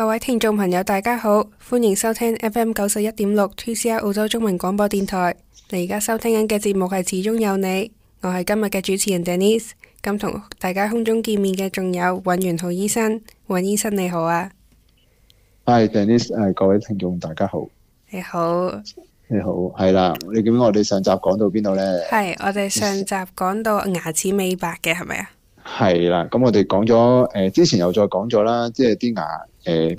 各位聽眾朋友，大家好，歡迎收聽 FM 九十一點六 TCR 澳洲中文廣播電台。你而家收聽緊嘅節目係《始終有你》，我係今日嘅主持人 Dennis。咁同大家空中見面嘅仲有尹元晧醫生，尹醫生你好啊，Hi Dennis，係各位聽眾大家好，你好，你好，係啦，你見我哋上集講到邊度呢？係我哋上集講到牙齒美白嘅，係咪啊？係啦，咁我哋講咗之前又再講咗啦，即係啲牙誒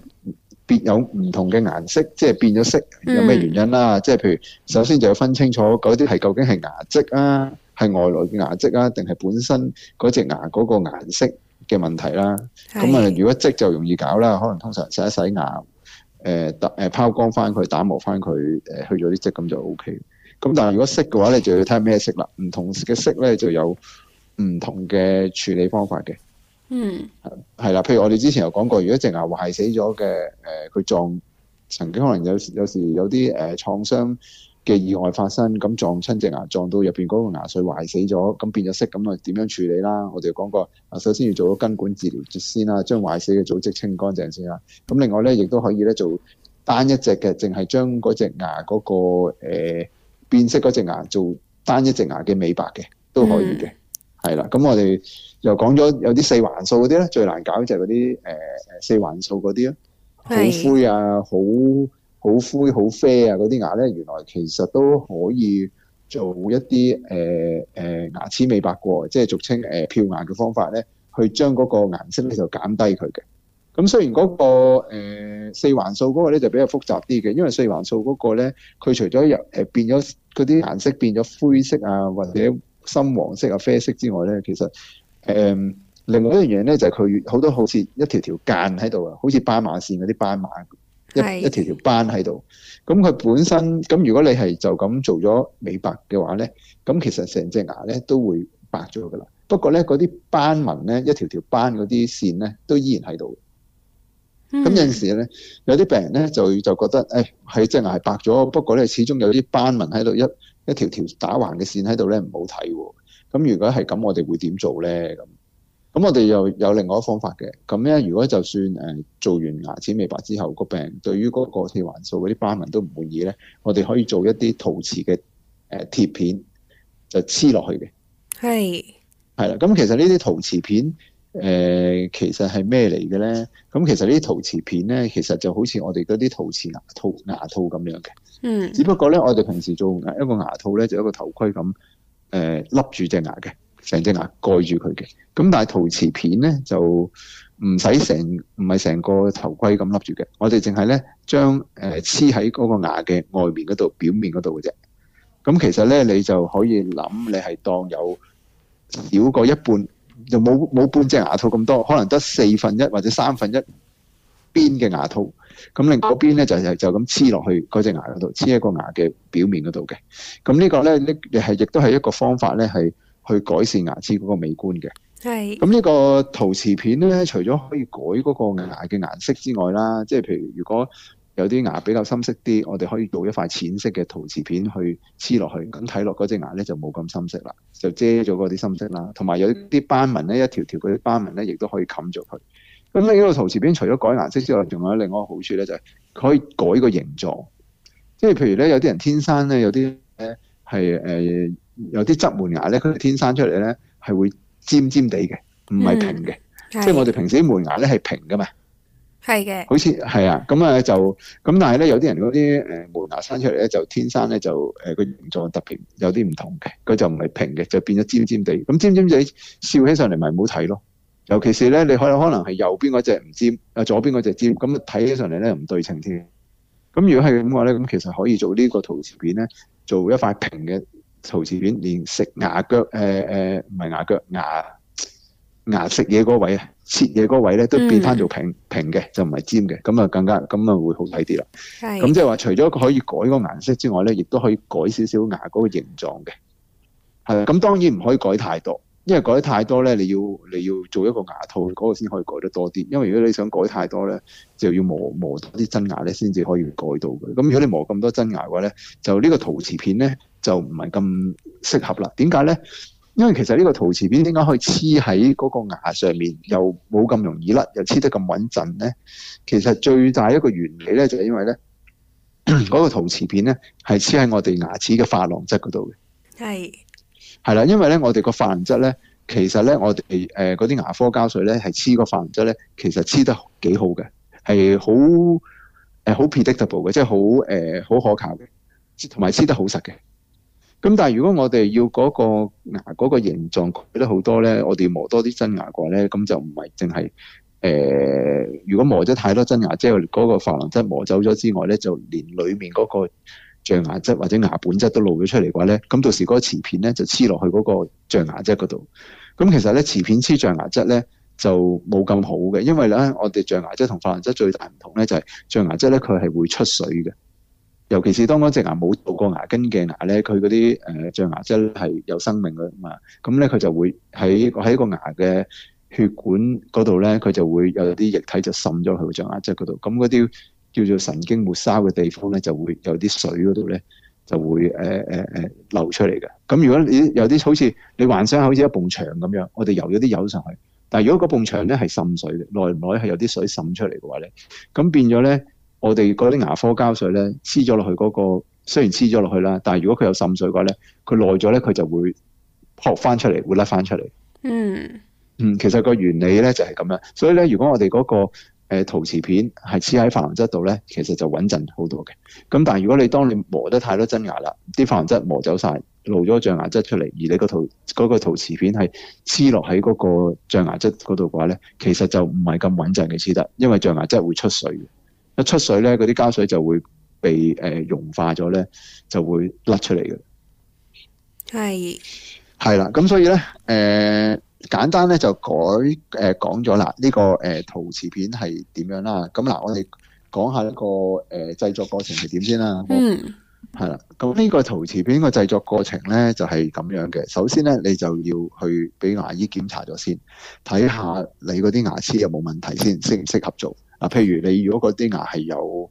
變、呃、有唔同嘅顏色，即係變咗色，有咩原因啦？Mm. 即係譬如首先就要分清楚嗰啲係究竟係牙漬啊，係外來嘅牙漬啊，定係本身嗰隻牙嗰個顏色嘅問題啦。咁啊，mm. 我如果漬就容易搞啦，可能通常洗一洗牙，誒打誒拋光翻佢，打磨翻佢、呃，去咗啲漬咁就 OK。咁但係如果色嘅話，你就要睇下咩色啦，唔同嘅色咧就有唔同嘅處理方法嘅，嗯，係啦、啊。譬如我哋之前有講過，如果一隻牙壞死咗嘅，佢、呃、撞曾經可能有有時有啲誒、呃、創傷嘅意外發生，咁撞親隻牙，撞到入面嗰個牙髓壞死咗，咁變咗色，咁啊點樣處理啦？我哋講過，首先要做到根管治療先啦，將壞死嘅組織清乾淨先啦。咁另外咧，亦都可以咧做單一隻嘅，淨係將嗰隻牙嗰、那個變、呃、變色嗰隻牙做單一隻牙嘅美白嘅，都可以嘅。嗯係啦，咁我哋又講咗有啲四環素嗰啲咧，最難搞就係嗰啲誒四環素嗰啲咯，好的灰啊，好好灰好啡啊嗰啲牙咧，原來其實都可以做一啲誒、呃呃、牙齒美白過，即、就、係、是、俗稱誒漂牙嘅方法咧，去將嗰個顏色咧就減低佢嘅。咁雖然嗰、那個、呃、四環素嗰個咧就比較複雜啲嘅，因為四環素嗰個咧，佢除咗入變咗嗰啲顏色變咗灰色啊或者。深黃色啊、啡色之外咧，其實誒、嗯、另外一樣嘢咧，就係、是、佢好多好似一條條間喺度啊，好似斑馬線嗰啲斑馬是一一條條斑喺度。咁佢本身咁，如果你係就咁做咗美白嘅話咧，咁其實成隻牙咧都會白咗㗎喇。不過咧，嗰啲斑紋咧，一條條斑嗰啲線咧，都依然喺度。咁有陣時咧，有啲病人咧就就覺得誒係即係隻牙白咗，不過咧始終有啲斑紋喺度一。一條條打橫嘅線喺度咧，唔好睇喎。咁如果係咁，我哋會點做咧？咁咁我哋又有另外一個方法嘅，咁咧如果就算誒做完牙齒美白之後，個病人對於嗰個四環素嗰啲斑紋都唔滿意咧，我哋可以做一啲陶瓷嘅誒貼片就黐落去嘅。係係啦，咁其實呢啲陶瓷片誒、呃、其實係咩嚟嘅咧？咁其實呢啲陶瓷片咧，其實就好似我哋嗰啲陶瓷牙套牙套咁樣嘅。嗯，只不過咧，我哋平時做牙一個牙套咧，就一個頭盔咁，誒笠住隻牙嘅，成隻牙蓋住佢嘅。咁但係陶瓷片咧就唔使成，唔係成個頭盔咁笠住嘅。我哋淨係咧將誒黐喺嗰個牙嘅外面嗰度表面嗰度嘅啫。咁、嗯、其實咧，你就可以諗，你係當有少過一半，就冇冇半隻牙套咁多，可能得四分一或者三分一邊嘅牙套，咁另嗰邊咧就係就咁黐落去嗰隻牙嗰度，黐喺個牙嘅表面嗰度嘅。咁呢個咧，呢你亦都係一個方法咧，係去改善牙齒嗰個美觀嘅。係。咁呢、嗯呢個陶瓷片咧，除咗可以改嗰個牙嘅顏色之外啦，即係譬如如果有啲牙比較深色啲，我哋可以做一塊淺色嘅陶瓷片去黐落去，咁睇落嗰隻牙咧就冇咁深，深色啦，就遮咗嗰啲深色啦。同埋有啲斑紋咧，一條條嗰啲斑紋咧，亦都可以冚咗佢。咁呢個陶瓷片除咗改顏色之外，仲有另外一個好處咧，就係佢可以改個形狀。即係譬如咧，有啲人天生咧，有啲係有啲側門牙咧，佢天生出嚟咧係會尖尖地嘅，唔係平嘅。嗯、即係我哋平時啲門牙咧係平噶嘛。係嘅的。好似係啊，咁啊就咁，但係咧有啲人嗰啲誒門牙生出嚟咧，就天生咧就誒個、呃、形狀特別有啲唔同嘅，佢就唔係平嘅，就變咗尖尖地。咁尖尖地笑起上嚟咪唔好睇咯。尤其是咧，你可能可能係右邊嗰隻唔尖，啊左邊嗰隻尖，咁睇起上嚟咧唔對稱添。咁如果係咁嘅話咧，咁其實可以做呢個陶瓷片咧，做一塊平嘅陶瓷片，連食牙腳誒誒，唔、呃、係牙腳牙牙食嘢嗰位啊，切嘢嗰位咧都變翻做平、嗯、平嘅，就唔係尖嘅，咁啊更加咁啊會好睇啲啦。係是。咁即係話除咗可以改個顏色之外咧，亦都可以改少少牙嗰個形狀嘅。係。咁當然唔可以改太多。因為改太多咧，你要你要做一個牙套，嗰個先可以改得多啲。因為如果你想改太多咧，就要磨磨多啲真牙咧，先至可以改到嘅。咁如果你磨咁多真牙嘅話咧，就呢個陶瓷片咧就唔係咁適合啦。點解咧？因為其實呢個陶瓷片點解可以黐喺嗰個牙上面，又冇咁容易甩，又黐得咁穩陣咧？其實最大一個原理咧，就係因為咧，係，嗰個陶瓷片咧係黐喺我哋牙齒嘅琺瑯質嗰度嘅。係。係啦，因為咧，我哋個琺瑯質咧，其實咧，我哋誒嗰啲牙科膠水咧，係黐個琺瑯質咧，其實黐得幾好嘅，係好誒好 predictable 嘅，即係好誒好可靠嘅，同埋黐得好實嘅。咁但係如果我哋要嗰個牙嗰個形狀改得好多咧，我哋要磨多啲真牙過咧，咁就唔係淨係誒。如果磨咗太多真牙，即係嗰個琺瑯質磨走咗之外咧，就連裏面嗰個。象牙質或者牙本質都露咗出嚟嘅話咧，咁到時嗰個瓷片咧就黐落去嗰個象牙質嗰度。咁其實咧，瓷片黐象牙質咧就冇咁好嘅，因為咧，我哋象牙質同琺瑯質最大唔同咧就係象牙質咧佢係會出水嘅。尤其是當嗰隻牙冇做過牙根嘅牙咧，佢嗰啲誒象牙質係有生命嘅嘛，咁咧佢就會喺喺個牙嘅血管嗰度咧，佢就會有啲液體就滲咗去象牙質嗰度，咁嗰啲。叫做神經末梢嘅地方咧，就會有啲水嗰度咧，就會誒誒誒流出嚟嘅。咁如果你有啲好似你幻想好似一埲牆咁樣，我哋游咗啲油上去。但係如果嗰埲牆咧係滲水嘅，耐唔耐係有啲水滲出嚟嘅話咧，咁變咗咧，我哋嗰啲牙科膠水咧，黐咗落去嗰個，雖然黐咗落去啦，但係如果佢有滲水嘅話咧，佢耐咗咧佢就會撲翻出嚟，會甩翻出嚟。嗯。嗯，其實個原理咧就係咁樣，所以咧如果我哋嗰個呃、陶瓷片係黐喺琺瑯質度咧，其實就穩陣好多嘅。咁但係如果你當你磨得太多真牙啦，啲琺瑯質磨走晒，露咗象牙質出嚟，而你個陶嗰、嗰個陶瓷片係黐落喺嗰個象牙質嗰度嘅話咧，其實就唔係咁穩陣嘅黐得，因為象牙質會出水嘅。一出水咧，嗰啲膠水就會被誒融、呃、化咗咧，就會甩出嚟嘅。係係啦，咁所以咧誒。呃簡單咧就改誒、呃、講咗啦，呢、這個誒、呃、陶瓷片係點樣啦？咁嗱、呃，我哋講一下一、那個誒、呃、製作過程係點先啦。嗯，係啦。咁呢個陶瓷片個製作過程咧就係、是、咁樣嘅。首先咧，你就要去俾牙醫檢查咗先，睇下你嗰啲牙齒有冇問題先，適唔適合做啊、呃？譬如你如果嗰啲牙係有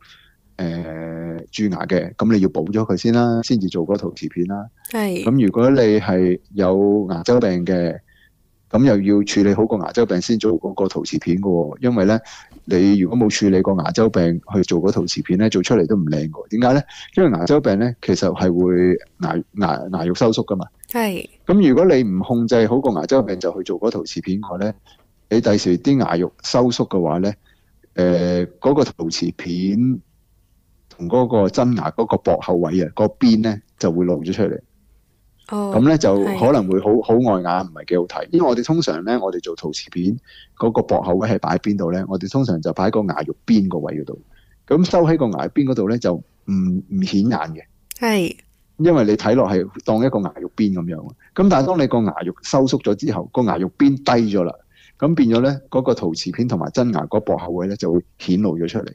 誒蛀牙嘅，咁、呃、你要補咗佢先啦，先至做個陶瓷片啦。係是。咁如果你係有牙周病嘅，咁又要處理好個牙周病先做嗰個陶瓷片嘅，因為咧你如果冇處理過個牙周病去做嗰陶瓷片咧，做出嚟都唔靚嘅。點解咧？因為牙周病咧其實係會牙牙牙肉收縮嘅嘛。係。咁如果你唔控制好個牙周病就去做嗰陶瓷片嘅話咧，你第時啲牙肉收縮嘅話咧，誒嗰個陶瓷片同嗰個真牙嗰個薄後位啊，個邊咧就會露咗出嚟。咁咧、哦、就可能會的好好礙眼，唔係幾好睇。因為我哋通常咧，我哋做陶瓷片嗰、嗰個薄口位係擺喺邊度咧？我哋通常就擺喺個牙肉邊個位嗰度。咁收喺個牙邊嗰度咧，就唔唔顯眼嘅。係。的因為你睇落係當一個牙肉邊咁樣。咁但係當你個牙肉收縮咗之後，個牙肉邊低咗啦，咁變咗咧嗰個陶瓷片同埋真牙嗰薄口位咧就會顯露咗出嚟。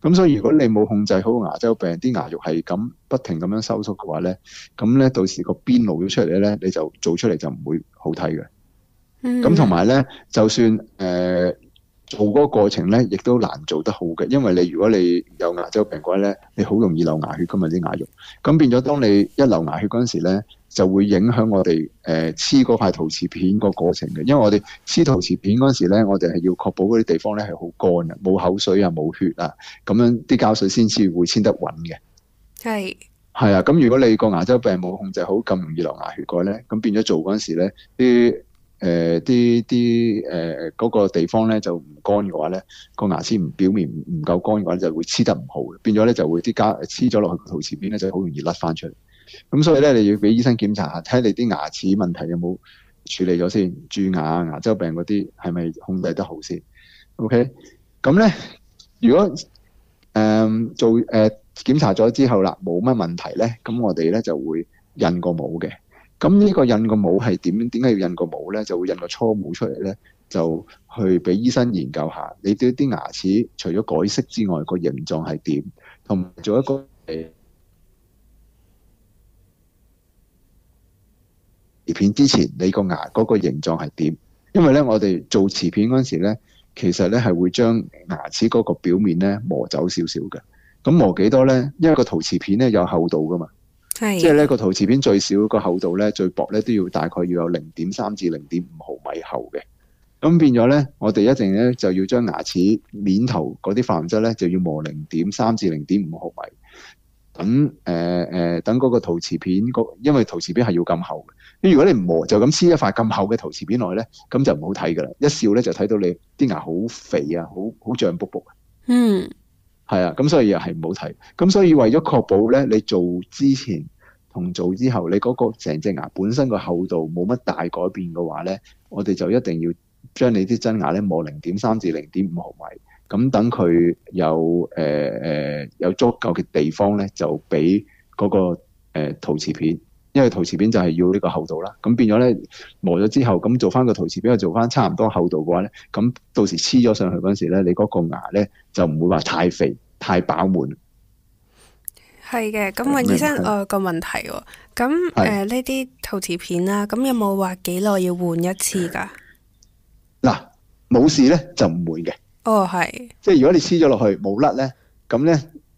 咁所以如果你冇控制好牙周病，啲牙肉係咁不停咁樣收縮嘅話咧，咁咧到時個邊露咗出嚟咧，你就做出嚟就唔會好睇嘅。咁同埋咧，就算誒、呃、做嗰個過程咧，亦都難做得好嘅，因為你如果你有牙周病嘅話咧，你好容易流牙血噶嘛啲牙肉，咁變咗當你一流牙血嗰陣時咧。就會影響我哋誒黐嗰塊陶瓷片個過程嘅，因為我哋黐陶瓷片嗰陣時咧，我哋係要確保嗰啲地方咧係好乾嘅，冇口水啊，冇血啊，咁樣啲膠水先至會黐得穩嘅。係係啊，咁如果你個牙周病冇控制好，咁容易流牙血過咧，咁變咗做嗰陣時咧，啲誒啲啲誒嗰個地方咧就唔乾嘅話咧，個牙齒唔表面唔唔夠乾嘅話呢，就會黐得唔好嘅，變咗咧就會啲膠黐咗落去個陶瓷片咧就好容易甩翻出嚟。咁所以咧，你要俾醫生檢查下，睇下你啲牙齒問題有冇處理咗先，蛀牙、牙周病嗰啲係咪控制得好先？OK，咁咧，如果誒、呃、做誒檢、呃、查咗之後啦，冇乜問題咧，咁我哋咧就會印個模嘅。咁呢個印個模係點？點解要印個模咧？就會印個初模出嚟咧，就去俾醫生研究下你啲啲牙齒除咗改色之外，個形狀係點，同做一個誒。瓷片之前，你個牙嗰個形狀係點？因為咧，我哋做瓷片嗰陣時咧，其實咧係會將牙齒嗰個表面咧磨走一的，磨少少嘅。咁磨幾多咧？因為個陶瓷片咧有厚度噶嘛，係的。即係咧，個陶瓷片最少個厚度咧，最薄咧都要大概要有零點三至零點五毫米厚嘅。咁變咗咧，我哋一定咧就要將牙齒面頭嗰啲琺瑯質咧就要磨零點三至零點五毫米。等誒誒、呃，等嗰個陶瓷片，因為陶瓷片係要咁厚嘅。如果你唔磨就咁黐一塊咁厚嘅陶瓷片落去咧，咁就唔好睇噶啦！一笑咧就睇到你啲牙好肥啊，好好脹卜卜啊。嗯，係啊、mm.，咁所以又係唔好睇。咁所以為咗確保咧，你做之前同做之後，你嗰個成隻牙本身個厚度冇乜大改變嘅話咧，我哋就一定要將你啲真牙咧磨零點三至零點五毫米，咁等佢有誒誒、呃呃、有足夠嘅地方咧，就俾嗰、那個誒、呃、陶瓷片。因為陶瓷片就係要呢個厚度啦，咁變咗咧磨咗之後，咁做翻個陶瓷片又做翻差唔多厚度嘅話咧，咁到時黐咗上去嗰時咧，你嗰個牙咧就唔會話太肥太飽滿。係嘅，咁尹醫生誒、哦，那個問題，咁誒呢啲陶瓷片啦，咁有冇話幾耐要換一次噶？嗱，冇事咧就唔換嘅。哦，係。即係如果你黐咗落去冇甩咧，咁咧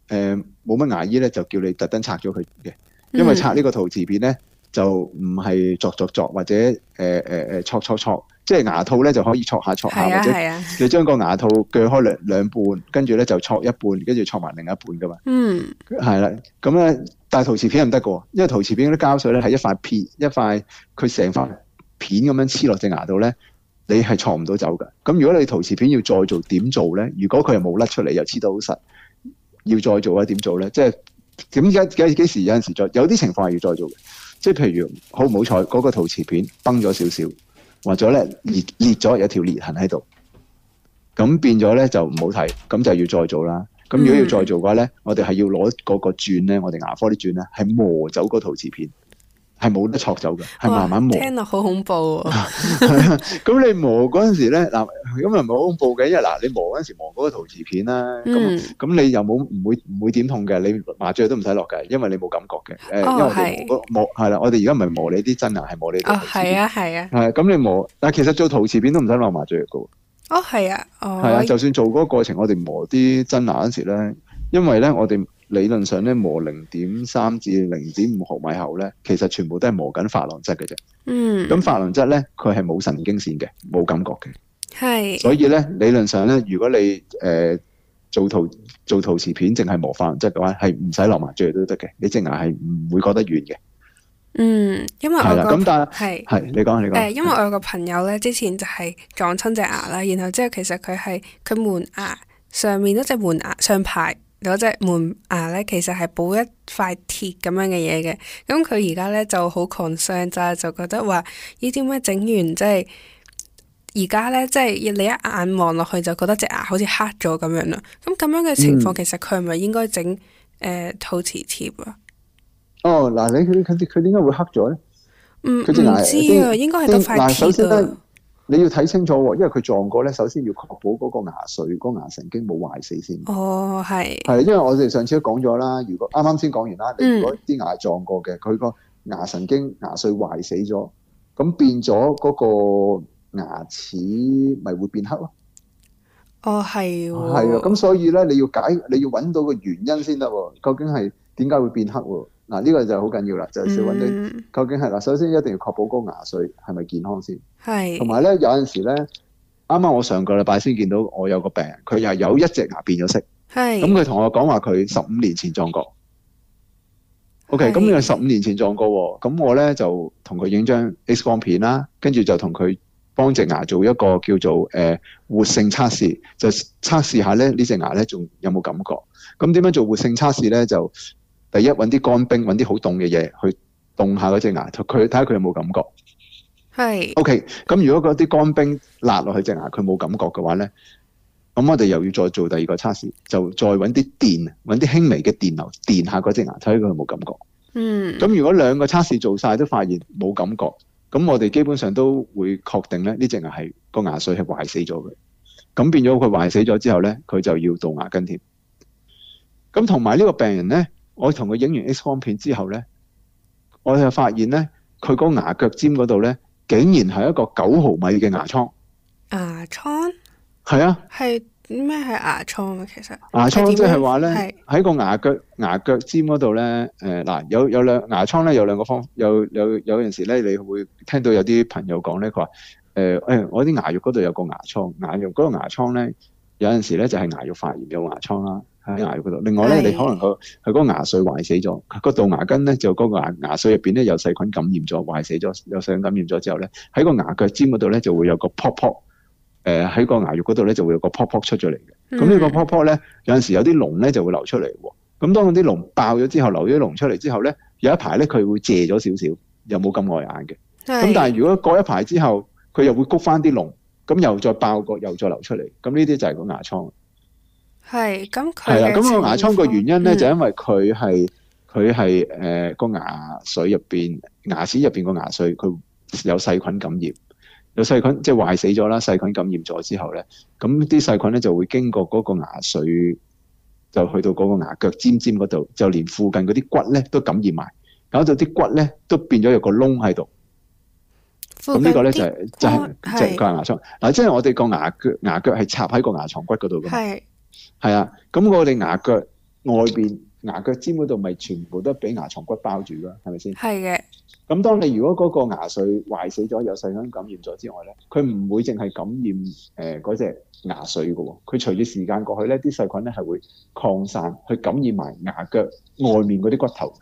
誒冇乜牙醫咧就叫你特登拆咗佢嘅。因為拆呢個陶瓷片咧，就唔係鑿鑿鑿，或者誒誒誒挫挫挫，即係牙套咧就可以挫下挫下，或者你將個牙套鋸開兩兩半，跟住咧就挫一半，跟住挫埋另一半噶嘛。嗯，係啦，咁咧，但係陶瓷片唔得噶，因為陶瓷片嗰啲膠水咧係一塊片，一塊佢成塊片咁樣黐落隻牙度咧，你係挫唔到走噶。咁如果你陶瓷片要再做，點做咧？如果佢又冇甩出嚟，又黐到好實，要再做咧，點做咧？即係。咁而家幾時有陣時再有啲情況係要再做嘅，即係譬如好唔好彩嗰個陶瓷片崩咗少少，或者咧裂裂咗有條裂痕喺度，咁變咗咧就唔好睇，咁就要再做啦。咁如果要再做嘅話咧，我哋係要攞嗰個鑽咧，我哋牙科啲鑽咧，係磨走個陶瓷片。係冇得鑿走嘅，係哇慢慢磨。聽到好恐怖、哦。咁 你磨嗰陣時咧，嗱，咁又唔係好恐怖嘅，因為嗱，你磨嗰陣時磨嗰個陶瓷片啦，咁咁、嗯、你又冇唔會唔會點痛嘅，你麻醉都唔使落嘅，因為你冇感覺嘅。哦、因為我哋磨係啦的，我哋而家唔係磨你啲真牙，係磨你啲。哦，係啊，係啊。係咁你磨，但係其實做陶瓷片都唔使落麻醉藥嘅、哦。哦，係啊。哦。係啊，就算做嗰個過程，我哋磨啲真牙嗰陣時咧，因為咧我哋。理論上咧，磨零點三至零點五毫米厚咧，其實全部都係磨緊琺瑯質嘅啫。嗯，咁琺瑯質咧，佢係冇神經線嘅，冇感覺嘅。係是。所以咧，理論上咧，如果你誒、呃、做陶做陶瓷片淨係磨琺瑯質嘅話，係唔使落麻醉都得嘅。你隻牙係唔會覺得軟嘅。嗯，因為我咁但係係是你講你講誒、呃，因為我有個朋友咧，是之前就係撞親隻牙啦，然後之後其實佢係佢門牙上面嗰隻門牙上排。嗰隻門牙咧，其實係補一塊鐵咁樣嘅嘢嘅，咁佢而家咧就好 concern，就係就覺得話呢啲咩整完，即係而家咧，即係你一眼望落去就覺得隻牙好似黑咗咁樣啦。咁咁樣嘅情況，嗯、其實佢係咪應該整誒陶瓷貼啊？哦，嗱，你佢佢點解會黑咗咧？唔唔知啊，應該係得塊鐵啊。你要睇清楚，因為佢撞過咧，首先要確保嗰個牙髓、嗰、嗰個牙神經冇壞死先。哦，係。係，因為我哋上次都講咗啦，如果啱啱先講完啦，你如果啲牙撞過嘅，佢個、嗯、牙神經、牙髓壞死咗，咁變咗嗰個牙齒咪會變黑咯。哦，係。係啊，咁所以咧，你要解，你要揾到個原因先得，究竟係點解會變黑？嗱呢個就好緊要啦，就係小揾你、嗯、究竟係啦。首先一定要確保嗰牙髓係咪健康先，係是。同埋咧有陣時咧，啱啱我上個禮拜先見到我有個病人，佢又係有一隻牙變咗色，係是。咁佢同我講話佢十五年前撞過，OK。咁你十五年前撞過，咁、okay, 是嗯、我咧就同佢影張 X 光片啦，跟住就同佢幫隻牙做一個叫做誒、呃、活性測試，就測試下咧呢隻牙咧仲有冇感覺。咁點樣做活性測試咧就？第一，揾啲乾冰，揾啲好凍嘅嘢去凍下嗰隻牙，佢睇下佢有冇感覺。係 O K。咁、okay, 如果嗰啲乾冰落落去隻牙，佢冇感覺嘅話咧，咁我哋又要再做第二個測試，就再揾啲電，揾啲輕微嘅電流，電下嗰隻牙，睇下佢有冇感覺。嗯。咁如果兩個測試做晒都發現冇感覺，咁我哋基本上都會確定咧，呢隻牙係個牙髓係壞死咗嘅。咁變咗佢壞死咗之後咧，佢就要杜牙根貼。咁同埋呢個病人咧。我同佢影完 X 光片之後咧，我就發現咧，佢個牙腳尖嗰度咧，竟然係一個九毫米嘅牙瘡。牙瘡？係啊。係咩係牙瘡啊？其實牙瘡即係話咧，喺個牙腳牙腳尖嗰度咧，誒、呃、嗱有有兩牙瘡咧，有兩個方有有有陣時咧，你會聽到有啲朋友講咧，佢話誒誒，我啲牙肉嗰度有個牙瘡，牙肉嗰個牙瘡咧。有陣時咧就係牙肉發炎有牙瘡啦，喺牙肉嗰度。另外咧的你可能佢佢嗰牙髓壞死咗，嗰度牙根咧就嗰個牙牙髓入邊咧有細菌感染咗，壞死咗有細菌感染咗之後咧喺個牙腳尖嗰度咧就會有個泡泡，喺、呃、個牙肉嗰度咧就會有個泡泡出咗嚟嘅。咁呢、嗯、個泡泡咧有陣時有啲膿咧就會流出嚟喎。咁當嗰啲膿爆咗之後，流咗啲膿出嚟之後咧有一排咧佢會謝咗少少，又冇咁礙眼嘅。咁的但係如果過一排之後佢又會谷翻啲膿。咁又再爆個，又再流出嚟，咁呢啲就係個牙瘡。係，咁佢係啦。咁個牙瘡個原因咧，就因為佢係佢係誒個牙髓入邊，牙齒入邊個牙髓，佢有細菌感染，有細菌即係壞死咗啦。細菌感染咗之後咧，咁啲細菌咧就會經過嗰個牙髓，就去到嗰個牙腳尖尖嗰度，就連附近嗰啲骨咧都感染埋，搞到啲骨咧都變咗有個窿喺度。咁呢個咧就是、就係、是、是的 即係個牙床嗱，即係我哋個牙腳牙腳係插喺個牙床骨嗰度㗎嘛，係啊是的。咁我哋牙腳外邊牙腳尖嗰度咪全部都俾牙床骨包住咯，係咪先？係嘅。咁當你如果嗰個牙髓壞死咗，有細菌感染咗之外咧，佢唔會淨係感染誒嗰隻牙髓嘅，佢隨住時間過去咧，啲細菌咧係會擴散去感染埋牙腳外面嗰啲骨頭。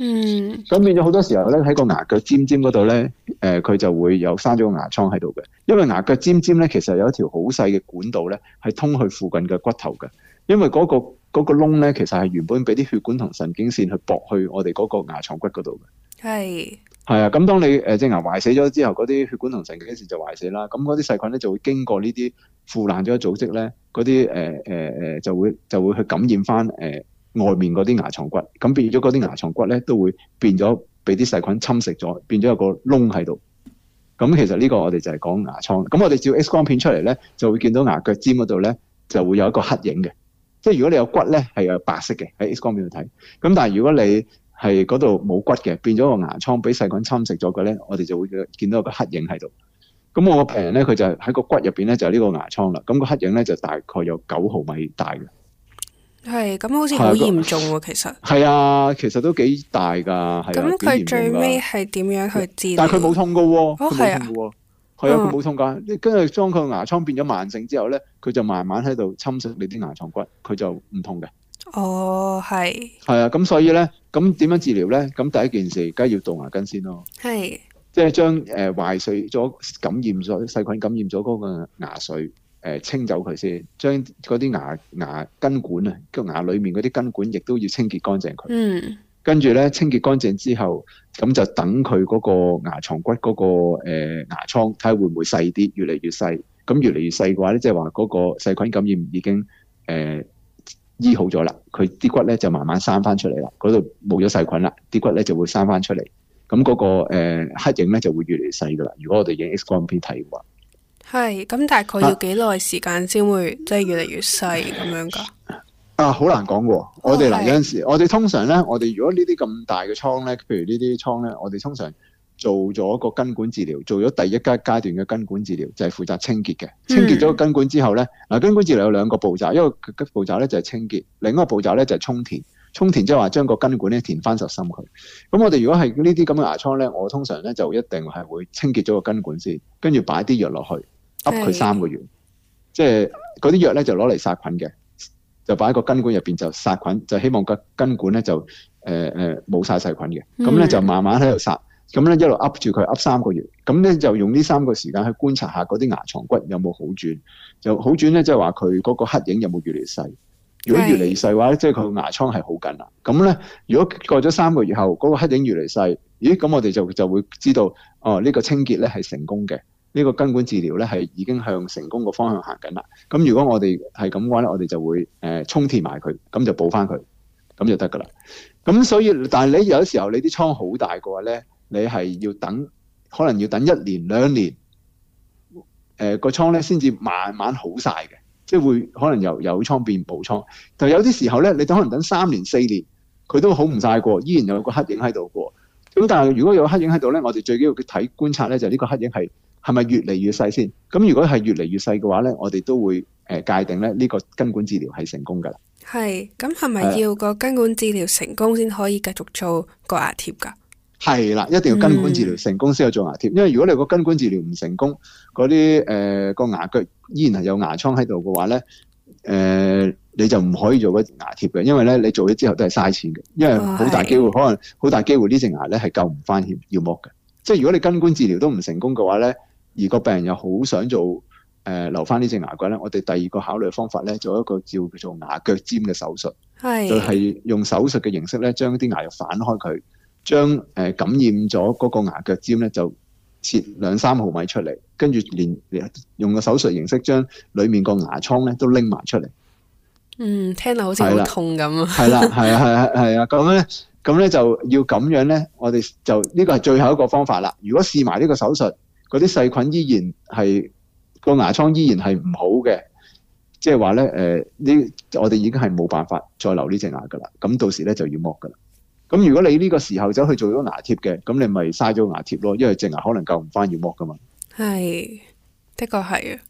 嗯。咁變咗好多時候咧，喺個牙腳尖尖嗰度咧。誒佢、呃、就會有生咗個牙瘡喺度嘅，因為牙腳尖尖咧，其實有一條好細嘅管道咧，係通去附近嘅骨頭嘅。因為嗰、嗰個窿咧、嗰個，其實係原本俾啲血管同神經線去駁去我哋嗰個牙床骨嗰度嘅。係係是啊，咁當你誒隻、呃、牙壞死咗之後，嗰啲血管同神經線就壞死啦。咁嗰啲細菌咧就會經過呢啲腐爛咗嘅組織咧，嗰啲、呃呃、就會就會去感染翻、呃、外面嗰啲牙床骨，咁變咗嗰啲牙床骨咧都會變咗。俾啲細菌侵蝕咗，變咗有個窿喺度。咁其實呢個我哋就係講牙瘡。咁我哋照 X 光片出嚟咧，就會見到牙腳尖嗰度咧就會有一個黑影嘅。即係如果你有骨咧係有白色嘅喺 X 光片度睇。咁但係如果你係嗰度冇骨嘅，變咗個牙瘡俾細菌侵蝕咗嘅咧，我哋就會見到有個黑影喺度。咁我個病人咧，佢就係喺個骨入邊咧就係呢個牙瘡啦。咁個黑影咧就大概有九毫米大嘅。係，咁好似好嚴重喎。其實係啊，其實都幾大噶。咁佢最尾係點樣去治療？但係佢冇痛噶喎，哦係啊，係啊，佢冇痛噶。跟住將佢個牙瘡變咗慢性之後咧，佢就慢慢喺度侵蝕你啲牙床骨，佢就唔痛嘅。哦，係。係啊，咁所以咧，咁點樣治療咧？咁第一件事，梗係要杜牙根先咯。係，即係將誒壞死咗、感染咗細菌、感染咗嗰個牙髓。誒清走佢先，將嗰啲牙牙根管啊，個牙裡面嗰啲根管亦都要清潔乾淨佢。嗯，跟住咧，清潔乾淨之後，咁就等佢嗰個牙床骨嗰個牙瘡，睇下會唔會細啲，越嚟越細。咁越嚟越細嘅話咧，即係話嗰個細菌感染已經誒醫、呃、好咗啦。佢啲骨咧就慢慢生翻出嚟啦，嗰度冇咗細菌啦，啲骨咧就會生翻出嚟。咁、誒、嗰個黑影咧就會越嚟越細㗎啦。如果我哋影 X 光片睇嘅話。係，咁大概要幾耐時間先會即係越嚟越細咁樣噶？啊，好、啊、難講嘅，我哋啦有陣時，我哋通常咧，我哋如果這些這麼的呢啲咁大嘅瘡咧，譬如這些呢啲瘡咧，我哋通常做咗個根管治療，做咗第一階階段嘅根管治療，就係、是、負責清潔嘅，清潔咗個根管之後咧，嗱、嗯、根管治療有兩個步驟，一個步驟咧就係清潔，另一個步驟咧就係充填，充填即係話將個根管咧填翻實心佢。咁我哋如果係呢啲咁嘅牙瘡咧，我通常咧就一定係會清潔咗個根管先，跟住擺啲藥落去。噏佢三個月，是即係嗰啲藥咧就攞嚟殺菌嘅，就擺喺個根管入邊就殺菌，就希望個根管咧就誒誒冇晒細菌嘅，咁咧就慢慢喺度殺，咁咧一路噏住佢噏三個月，咁咧就用呢三個時間去觀察下嗰啲牙床骨有冇好轉，就好轉咧即係話佢嗰個黑影有冇越嚟越細，如果越嚟越細嘅話咧，即係佢牙瘡係好緊啦。咁咧，如果過咗三個月後嗰、嗰個黑影越嚟越細，咦咁我哋就就會知道哦呢、呢個清潔咧係成功嘅。呢個根管治療咧係已經向成功個方向行緊啦。咁如果我哋係咁話咧，我哋就會誒、呃、充填埋佢，咁就補返佢，咁就得㗎啦。咁所以，但係你有時候你啲倉好大嘅話咧，你係要等，可能要等一年兩年，誒、呃、個倉咧先至慢慢好晒嘅，即係會可能由有倉變補倉。但有啲時候咧，你等可能等三年四年，佢都好唔晒過，依然有個黑影喺度過。咁但係如果有黑影喺度咧，我哋最緊要嘅睇觀察咧就係呢個黑影係係咪越嚟越細先？咁如果係越嚟越細嘅話咧，我哋都會誒界定咧呢個根管治療係成功噶啦。係，咁係咪要個根管治療成功先可以繼續做個牙貼噶？係啦，一定要根管治療、嗯、成功先有做牙貼。因為如果你個根管治療唔成功，嗰啲誒個牙腳，依然係有牙瘡喺度嘅話咧，誒、呃。你就唔可以做嗰牙貼嘅，因為咧你做咗之後都係嘥錢嘅，因為好大機會、哦、可能好大機會呢隻牙咧係救唔翻，血、要剝嘅。即係如果你根管治療都唔成功嘅話咧，而個病人又好想做誒、呃、留翻呢隻牙骨咧，我哋第二個考慮方法咧做一個叫做牙腳尖嘅手術，是就係用手術嘅形式咧將啲牙肉反開佢，將、呃、感染咗嗰個牙腳尖咧就切兩三毫米出嚟，跟住連用個手術形式將裏面個牙瘡咧都拎埋出嚟。嗯，聽到好似好痛咁啊！係啦，係啊，係係啊，咁咧，咁咧就要咁樣咧，我哋就呢個係最後一個方法啦。如果試埋呢個手術，嗰啲細菌依然係個牙瘡依然係唔好嘅，即係話咧，誒、呃，呢我哋已經係冇辦法再留呢隻牙噶啦。咁到時咧就要剝噶啦。咁如果你呢個時候走去做咗牙貼嘅，咁你咪嘥咗牙貼咯，因為隻牙可能救唔翻要剝噶嘛。係，的確係啊。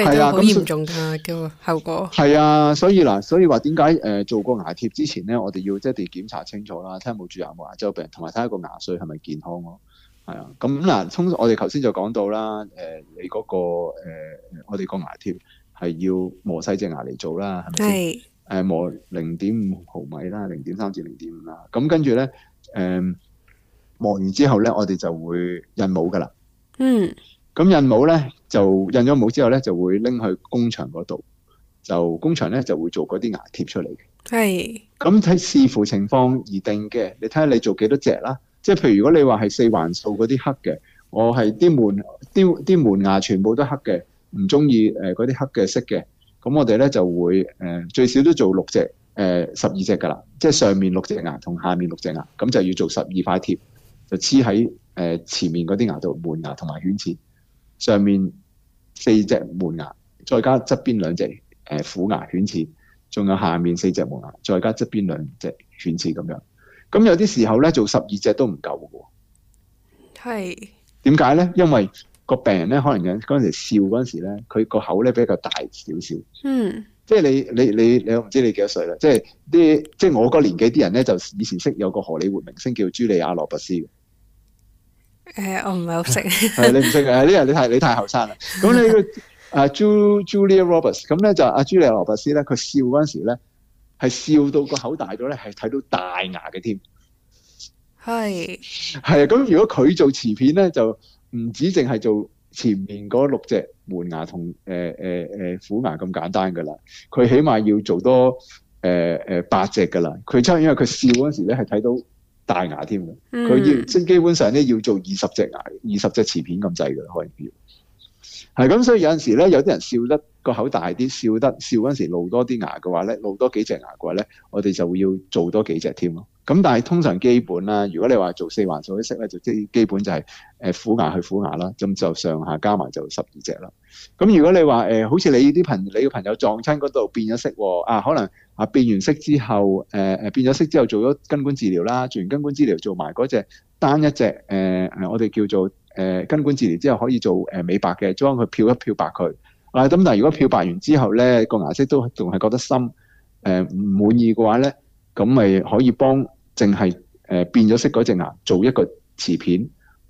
係啊，咁嚴重噶叫後做果。係啊，所以嗱，所以話點解誒做個牙貼之前咧，我哋要即係要檢查清楚啦，睇下冇蛀牙冇牙周病，同埋睇下個牙髓係咪健康咯。係啊，咁嗱，通常我哋頭先就講到啦，誒、呃、你嗰、那個、呃、我哋個牙貼係要磨細隻牙嚟做啦，係咪先？誒是磨零點五毫米啦，零點三至零點五啦。咁跟住咧，誒、呃、磨完之後咧，我哋就會印模噶啦。嗯。咁印模咧就印咗模之後咧，就會拎去工場嗰度，就工場咧就會做嗰啲牙貼出嚟。係，咁睇視乎情況而定嘅。你睇下你做幾多隻啦？即係譬如如果你話係四環素嗰啲黑嘅，我係啲門啲啲門牙全部都黑嘅，唔中意嗰啲黑嘅色嘅，咁我哋咧就會最少都做六隻呃、十二隻㗎啦。即係上面六隻牙同下面六隻牙，咁就要做十二塊貼，就黐喺誒前面嗰啲牙度，門牙同埋犬齒。上面四隻門牙，再加側邊兩隻誒、呃、虎牙犬齒，仲有下面四隻門牙，再加側邊兩隻犬齒咁樣。咁有啲時候咧，做十二隻都唔夠嘅喎。係點解咧？因為個病人咧，可能有嗰陣時笑嗰陣時咧，佢個口咧比較大少少。嗯，即係你你你你，我唔知你幾多歲啦。即係啲即係我嗰個年紀啲人咧，就以前識有個荷里活明星叫朱莉亞羅伯斯嘅。誒、呃，我唔係好識。係你唔識嘅，呢人、 啊、你太你太後生啦。咁呢個阿朱朱莉亞羅伯斯，咁咧就阿朱莉亞羅伯斯咧，佢、啊、笑嗰時咧係笑到個口大咗咧，係睇到大牙嘅添。係係啊，咁如果佢做瓷片咧，就唔止淨係做前面嗰六隻門牙同誒誒誒虎牙咁簡單噶啦，佢起碼要做多誒誒、呃呃、八隻噶啦。佢真係因為佢笑嗰時咧係睇到。大牙添，佢要即基本上咧，要做二十隻牙，二十隻瓷片咁滯嘅開啲。可以係咁，所以有陣時咧，有啲人笑得個口大啲，笑得笑嗰時露多啲牙嘅話咧，露多幾隻牙嘅話咧，我哋就會要做多幾隻添咯。咁但係通常基本啦，如果你話做四環素啲色咧，就基基本就係、是、誒、呃、虎牙去虎牙啦。咁就，就上下加埋就十二隻啦。咁如果你話誒、呃，好似你啲朋友你嘅朋友撞親嗰度變咗色喎、啊，啊可能啊變完色之後，誒、呃、誒變咗色之後做咗根管治療啦，做完根管治療做埋嗰隻單一隻誒、呃、我哋叫做。誒，根管治療之後可以做誒美白嘅，將佢漂一漂白佢。啊，咁但係如果漂白完之後咧，個顏色都仲係覺得深，誒唔滿意嘅話咧，咁咪可以幫淨係誒變咗色嗰隻牙做一個瓷片，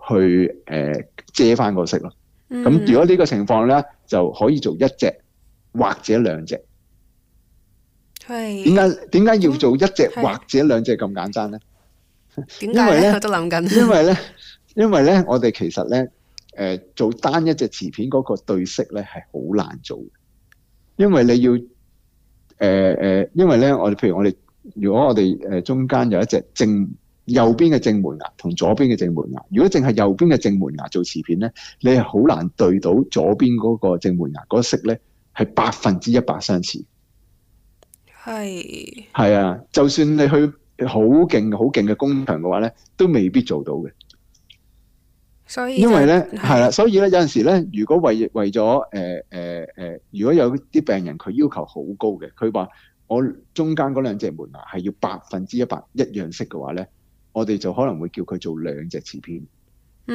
去誒、呃、遮翻個色咯。咁、嗯、如果呢個情況咧，就可以做一隻或者兩隻。係的。點解點解要做一隻的或者兩隻咁簡單咧？點解咧？我都諗緊。因為咧呢。 因為咧，我哋其實咧、呃，做單一隻瓷片嗰個對色咧，係好難做嘅。因為你要、呃呃、因為咧，我哋譬如我哋，如果我哋中間有一隻正右邊嘅正門牙同左邊嘅正門牙，如果淨係右邊嘅正門牙做瓷片咧，你係好難對到左邊嗰個正門牙嗰色咧，係百分之一百相似。係是。係啊，就算你去好勁、好勁嘅工場嘅話咧，都未必做到嘅。所以就是、因為咧，係啦，所以咧，有陣時咧，如果為為咗誒誒誒，如果有啲病人佢要求好高嘅，佢話我中間嗰兩隻門牙係要百分之一百一樣色嘅話咧，我哋就可能會叫佢做兩隻瓷片。咁、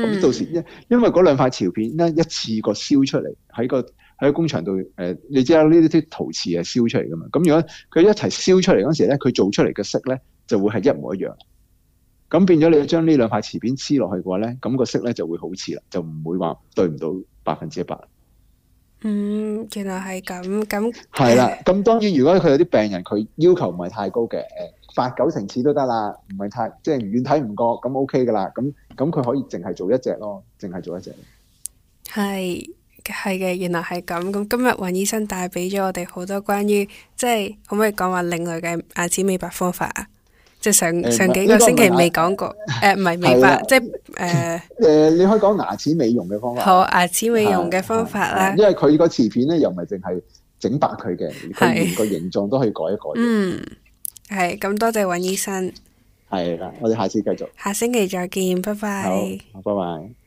嗯、到時因因為嗰兩塊瓷片咧，一次過燒出嚟喺個喺個工場度誒、呃，你知啦，呢啲陶瓷係燒出嚟噶嘛。咁如果佢一齊燒出嚟嗰時咧，佢做出嚟嘅色咧就會係一模一樣。咁變咗，你要將呢兩塊瓷片黐落去嘅話咧，咁、那個色咧就會好似啦，就唔會話對唔到百分之一百。嗯，原來係咁咁。係啦，咁當然，如果佢有啲病人，佢要求唔係太高嘅，誒，八九成次都得啦，唔係太即係遠睇唔覺，咁 OK 噶啦，咁咁佢可以淨係、就是 OK、做一隻咯，淨係做一隻。係，係嘅，原來係咁。咁今日尹醫生帶俾咗我哋好多關於，即係可唔可以講話另外嘅牙齒美白方法啊？即係上上，上幾個星期未講過，誒唔係美白，啊、即係誒，誒、uh, 你可以講牙齒美容嘅方法，好的方法好。好，牙齒美容嘅方法啦。因為佢個瓷片咧又唔係淨係整白佢嘅，佢好連個形狀都可以改一改。嗯，係咁，多謝尹醫生。係啦，我哋下次繼續。下星期再見，拜拜。拜拜。Bye bye